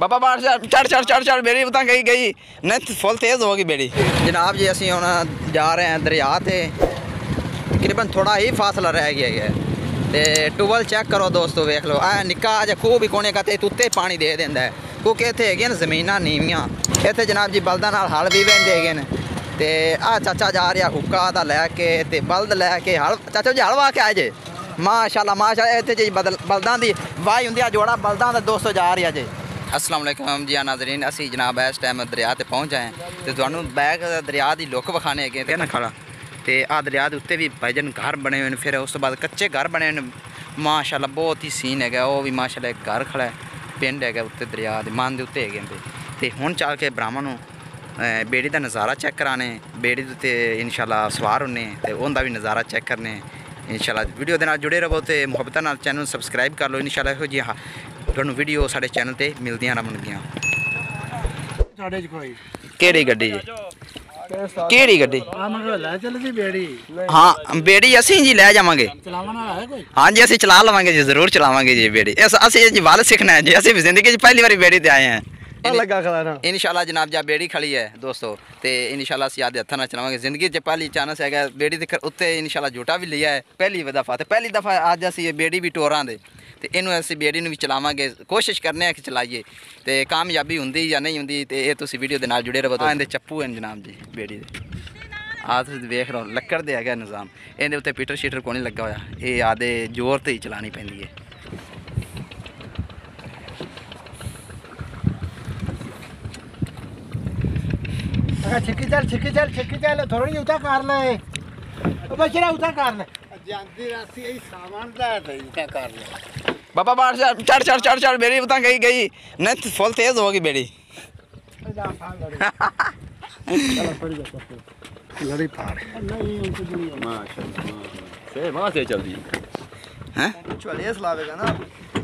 बाबा बाहर चढ़ चढ़ चढ़ चढ़ चढ़ बेड़ी उतना गई गई नहीं तो फुल तेज़ होगी बेड़ी जनाब जी असं हम जा रहे हैं दरिया से तकरीबन थोड़ा ही फासला रह गया है तो टूबल चेक करो दोस्तों देख लो ऐ निक्का अज खूह भी कोने का उत्ते पानी दे देंदा है क्योंकि इतने है जमीन नीवियाँ इतने जनाब जी बल्दा हल भी बहते है ਤੇ ਆ ਚਾਚਾ ਜਾ ਰਿਹਾ ਹੁੱਕਾ तो ਲੈ ਕੇ ਤੇ ਬਲਦ ਲੈ ਕੇ ਹਲ ਚਾਚਾ ਜੀ ਹਲਵਾ ਕੇ ਆਏ ਜੇ ਮਾਸ਼ਾਅੱਲਾ ਮਾਸ਼ਾਅੱਲਾ ਇੱਥੇ ਜੀ ਬਲਦਾਂ ਦੀ ਵਾਹੀ ਹੁੰਦੀ ਆ ਜੋੜਾ ਬਲਦਾਂ ਦਾ 200 ਜਾ असलम जी नाजरीन असं जनाब इस टाइम दरिया से पहुँच जाए तो थानू बैग दरिया की लुक विखाने अगे तो खड़ा तो आ दरिया के उत्ते भी भाईजन घर बने हुए हैं फिर उस तो बाद कच्चे घर बने हुए माशाला बहुत ही सीन है वह भी माशाला एक घर खड़ा है पिंड है उत्ते दरिया मन के उत्ते है तो हूँ चल के ब्राह्मण बेड़ी का नज़ारा चैक कराने बेड़ी के उत्ते इनशाला सवार होने तो उनका भी नज़ारा चैक करने ਇਨਸ਼ਾਅੱਲਾ ਵੀਡੀਓ ਦੇ जुड़े रहो ਰਹੋ ਤੇ ਮੁਹੱਬਤਾਂ ਨਾਲ ਚੈਨਲ ਨੂੰ ਸਬਸਕ੍ਰਾਈਬ ਕਰ ਤੁਹਾਨੂੰ ਵੀਡੀਓ ਸਾਡੇ ਚੈਨਲ ਤੇ ਮਿਲਦੀਆਂ ਰਹਿਣਗੀਆਂ ਸਾਡੇ ਚ ਕੋਈ ਕਿਹੜੀ ਗੱਡੀ ਜੀ ਕਿਹੜੀ ਗੱਡੀ ਲੈ ਹਾਂ ਬੇੜੀ ਅਸੀਂ ਜੀ ਲੈ ਜਾਵਾਂਗੇ ਹੈ ਕੋਈ ਹਾਂ ਜੀ ਅਸੀਂ ਚਲਾ ਲਵਾਂਗੇ ਜੀ ਜ਼ਰੂਰ ਚਲਾਵਾਂਗੇ ਜੀ ਬੇੜੀ ਅਸੀਂ ਜੀ ਵੱਲ ਸਿੱਖਣਾ ਹੈ ਜੀ ਅਸੀਂ ਵੀ ਜ਼ਿੰਦਗੀ 'ਚ ਪਹਿਲੀ ਵਾਰੀ ਬੇੜੀ ਤੇ ਆਏ ਹਾਂ ਲੱਗਾ ਖਲਾਣਾ ਇਨਸ਼ਾਅੱਲਾ ਜਨਾਬ ਜੀ ਬੇੜੀ ਖੜੀ ਹੈ ਦੋਸਤੋ ਤੇ ਇਨਸ਼ਾਅੱਲਾ ਅਸੀਂ ਆਦੇ ਹੱਥਾਂ ਨਾਲ ਚਲਾਵਾਂਗੇ ਜ਼ਿੰਦਗੀ 'ਚ ਪਹਿਲੀ ਚਾਂਸ ਹੈਗਾ ਬੇੜੀ ਦੇ ਉੱਤੇ ਇਨਸ਼ਾਅੱਲਾ ਝੂਟਾ ਵੀ ਲਿਆ ਹੈ ਪਹਿਲੀ ਦਫਾ ਤੇ ਪਹਿਲੀ ਦਫਾ ਅੱਜ ਅਸੀਂ ਇਹ ਬੇੜੀ ਵੀ ਟੋਰਾਂ ਦੇ ਤੇ ਇਹਨੂੰ ਅਸੀਂ ਬੇੜੀ ਨੂੰ ਵੀ ਚਲਾਵਾਂਗੇ ਕੋਸ਼ਿਸ਼ ਕਰਨੇ ਆ ਕਿ ਚਲਾਈਏ ਤੇ ਕਾਮਯਾਬੀ ਹੁੰਦੀ ਜਾਂ ਨਹੀਂ ਹੁੰਦੀ ਤੇ ਇਹ ਤੁਸੀਂ ਵੀਡੀਓ ਦੇ ਨਾਲ ਜੁੜੇ ਰਹੋ ਇਹਦੇ ਚੱਪੂ ਹਨ ਜਨਾਬ ਜੀ ਬੇੜੀ ਦੇ ਆ ਤੁਸੀਂ ਦੇਖ ਰਹੇ ਹੋ ਲੱਕੜ ਦੇ ਹੈਗਾ ਨਿਜ਼ਾਮ ਇਹਦੇ ਉੱਤੇ ਪੀਟਰ ਸ਼ੀਟਰ ਕੋਈ ਨਹੀਂ ਲੱਗਾ ਹੋਇਆ ਇਹ ਆਦੇ ਜ਼ੋਰ ਤੇ ਹੀ ਚਲਾਣੀ ਪੈਂਦੀ ਹੈ अरे छिक्की चल छिक्की चल छिक्की चल थोड़ी उठा कर ले बचरा उठा कर ले जानती रास्ते सामान उठा कर ले बाबा बाहर चढ़ चढ़ चढ़ चढ़ चढ़ बता गई गई नहीं फुल तेज होगी बेड़ी लड़ी पार माशाल्लाह से वहां से चल दी हैं लावेगा ना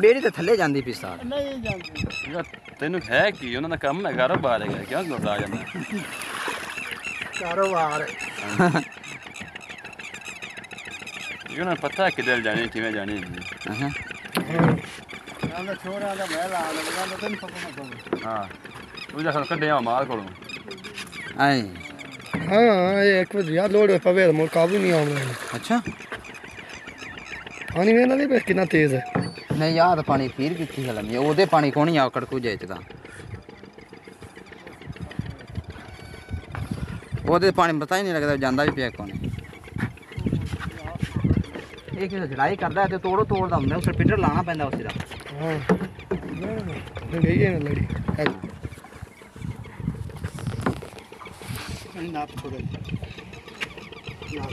ਬੇੜੀ ਤੇ ਥੱਲੇ ਜਾਂਦੀ ਪਈ ਸਾਰ ਨਹੀਂ ਜਾਂਦੀ ਯਾਰ ਤੈਨੂੰ ਹੈ ਕੀ ਉਹਨਾਂ ਦਾ ਕੰਮ ਹੈ ਕਾਰੋਬਾਰ ਹੈਗਾ ਕਿਉਂ ਲੋਟਾ ਜਾਂਦਾ ਕਾਰੋਬਾਰ ਇਹ ਉਹਨਾਂ ਪਤਾ ਕਿ ਦਿਲ ਜਾਣੀ ਕਿਵੇਂ ਜਾਣੀ ਹਾਂ ਹਾਂ ਉਹਨਾਂ ਛੋੜਾਂ ਦਾ ਮਹਿਲ ਆ ਲੱਗਦਾ ਤੈਨੂੰ ਪਤਾ ਨਾ ਹਾਂ ਉਹ ਜਖਣ ਕੱਢਿਆ ਮਾਲ ਕੋਲੋਂ ਐ ਹਾਂ ਇਹ ਇੱਕ ਵਾਰ ਯਾਰ ਲੋੜ ਪਵੇ ਮੋਰ ਕਾਬੂ ਨਹੀਂ ਆਉਂਦਾ ਅੱਛਾ ਪਾਣੀ ਵੇਖ ਨਾ ਕਿੰਨਾ ਤੇਜ਼ ਹੈ ਨਹੀਂ ਆਹ ਤਾਂ ਪਾਣੀ ਫੀਰ ਕੀਤੀ ਹਲਮੀ ਉਹਦੇ ਪਾਣੀ ਕੋਣੀ ਆਕੜ ਕੋ ਜੇ ਚਦਾ ਉਹਦੇ ਪਾਣੀ ਪਤਾ ਹੀ ਨਹੀਂ ਲੱਗਦਾ ਜਾਂਦਾ ਵੀ ਪਿਆ ਕੋਣ ਇਹ ਕਿਸੇ ਜੜਾਈ ਕਰਦਾ ਤੇ ਤੋੜੋ ਤੋੜਦਾ ਹੁੰਦਾ ਉਸ ਪਿੱਟਰ ਲਾਣਾ ਪੈਂਦਾ ਉਸ ਦਾ ਹਾਂ ਗਈ ਹੈ ਲੜੀ ਨਾਪ ਥੋੜਾ